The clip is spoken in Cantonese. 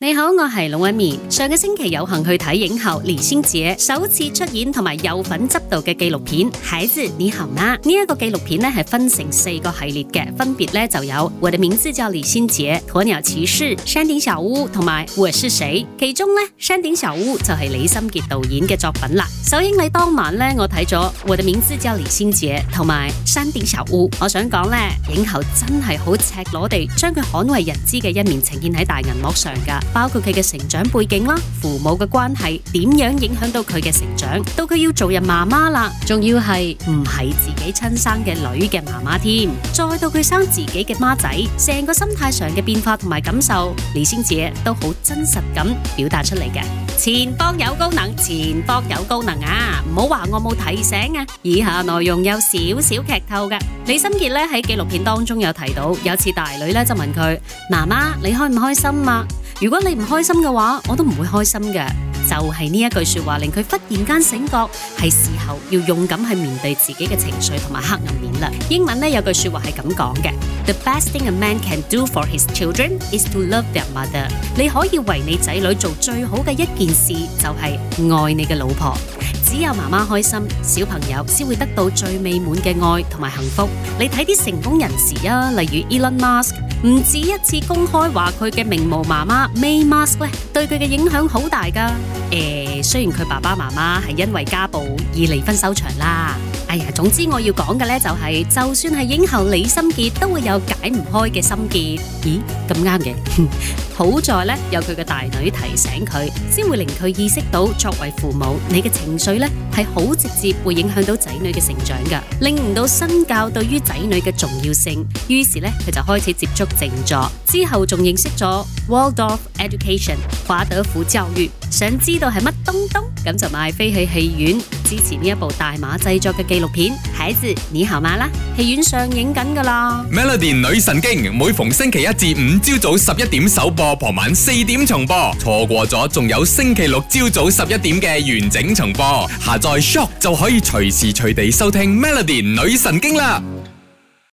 你好，我係龍紋敏。上個星期有幸去睇影后李心潔首次出演同埋有份執導嘅紀錄片《孩子你好嗎》呢一、這個紀錄片咧係分成四個系列嘅，分別咧就有《我的名字叫李心潔》、《鴕鳥騎士》、《山頂小屋》同埋《我是誰》。其中咧《山頂小屋》就係李心潔導演嘅作品啦。首映禮當晚咧，我睇咗《我的名字叫李心潔》同埋《山頂小屋》，我想講咧，影后真係好赤裸地將佢罕為人知嘅一面呈現喺大銀幕上噶。包括佢嘅成長背景啦，父母嘅關係點樣影響到佢嘅成長，到佢要做人媽媽啦，仲要係唔係自己親生嘅女嘅媽媽添，再到佢生自己嘅孖仔，成個心態上嘅變化同埋感受，李心姐都好真實咁表達出嚟嘅。前方有高能，前方有高能啊！唔好話我冇提醒啊，以下內容有少少劇透噶。李心潔呢喺紀錄片當中有提到，有次大女呢就問佢：媽媽，你開唔開心啊？如果你唔開心嘅話，我都唔會開心嘅。就係呢一句說話令佢忽然間醒覺，係時候要勇敢去面對自己嘅情緒同埋黑暗面啦。英文呢有句說話係咁講嘅：The best thing a man can do for his children is to love their mother。你可以為你仔女做最好嘅一件事，就係愛你嘅老婆。只有媽媽開心，小朋友先會得到最美滿嘅愛同埋幸福。你睇啲成功人士啊，例如 Elon Musk，唔止一次公開話佢嘅名模媽媽 May Musk 咧，對佢嘅影響好大噶。誒、呃，雖然佢爸爸媽媽係因為家暴而離婚收場啦。哎呀，總之我要講嘅呢就係，就算係影后李心潔都會有解唔開嘅心結。咦，咁啱嘅，好在呢有佢嘅大女提醒佢，先會令佢意識到作為父母，你嘅情緒呢係好直接會影響到仔女嘅成長噶，領悟到身教對於仔女嘅重要性。於是呢佢就開始接觸靜坐，之後仲認識咗 Waldorf Education 華德福教育。想知道係乜東東，咁就買飛去戲院。支持呢一部大馬製作嘅紀錄片，孩子你好嗎啦，戲院上映緊噶啦。Melody 女神經，每逢星期一至五朝早十一點首播，傍晚四點重播，錯過咗仲有星期六朝早十一點嘅完整重播。下載 Shock 就可以隨時隨地收聽 Melody 女神經啦。